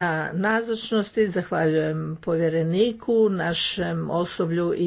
na nazočnosti, zahvaljujem povjereniku, našem osoblju i